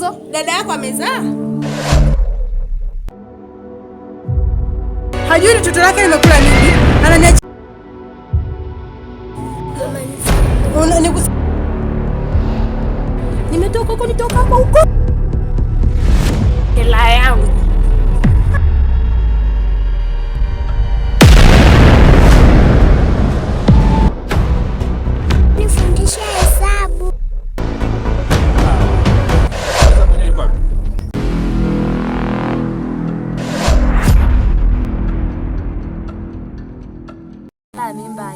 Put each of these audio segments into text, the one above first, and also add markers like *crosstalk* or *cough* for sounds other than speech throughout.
Mwanzo dada yako amezaa, hajui ni toto lake nimekula nini, ananiacha Una ni nimetoka huko, nitoka huko hela yangu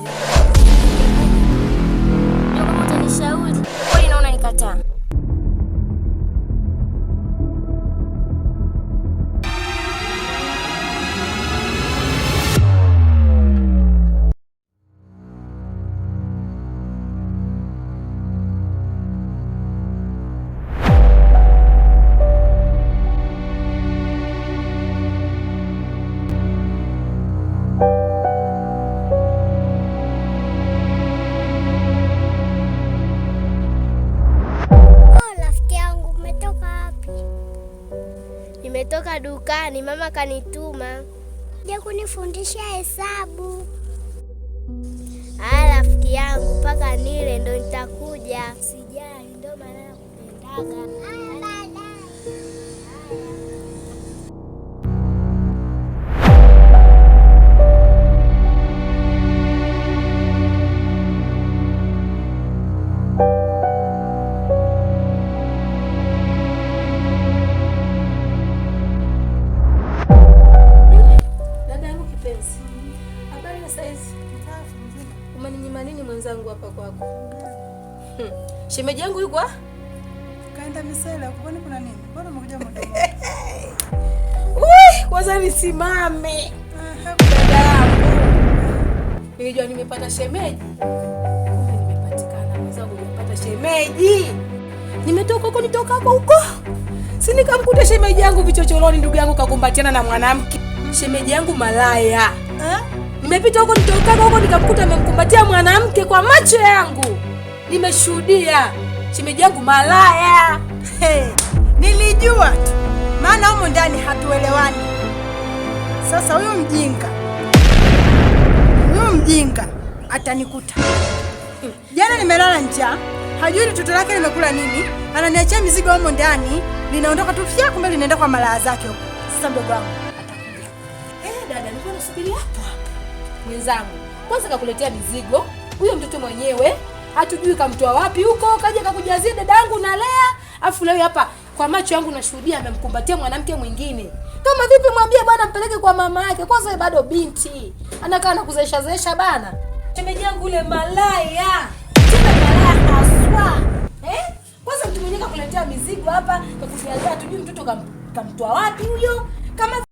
tayo. Nimetoka dukani, mama kanituma ja kunifundisha hesabu. Aya, rafiki yangu, mpaka nile ndo nitakuja. Sijali, ndo maana nakupendaga. kusema nini mwenzangu hapa kwako? Hmm. Shemeji yangu yuko? Ah? Kaenda misela, kwani kuna nini? Mbona umekuja mdomo? *laughs* Wewe, kwanza nisimame. Dada yangu. Nilijua nimepata shemeji. Kumbe Nimepatikana mwenzangu, nimepata shemeji. Nimetoka huko nitoka huko huko. Si nikamkuta shemeji yangu vichochoroni, ndugu yangu kakumbatiana na mwanamke. Mm. Shemeji yangu malaya. Eh? Nimepita huko nitokaka huko nikamkuta amemkumbatia mwanamke kwa macho yangu, nimeshuhudia. Shemeji yangu malaya. Hey, nilijua tu, maana humo ndani hatuelewani. Sasa huyu mjinga huyu mjinga atanikuta. Jana nimelala njaa, hajui toto lake limekula nini, ananiachia mizigo humo ndani, linaondoka tu fya, kumbe linaenda kwa malaya zake huko. Sasa mdogo wangu atakuja. Eh, dada, nilikuwa nasubiri hapa mwenzangu, kwanza kakuletea mizigo huyo mtoto mwenyewe hatujui kamtoa wapi huko, kaja kakujazia dadangu na lea, afu leo hapa kwa macho yangu nashuhudia amemkumbatia mwanamke mwingine. Kama vipi mwambie bwana mpeleke kwa mama yake, kwanza bado binti anakaa anakuzesha zesha bana. Shemeji yangu malaya tena malaya haswa eh? Kwanza mtu mwenyewe kakuletea mizigo hapa kakujazia, hatujui mtoto kamtoa wapi huyo kama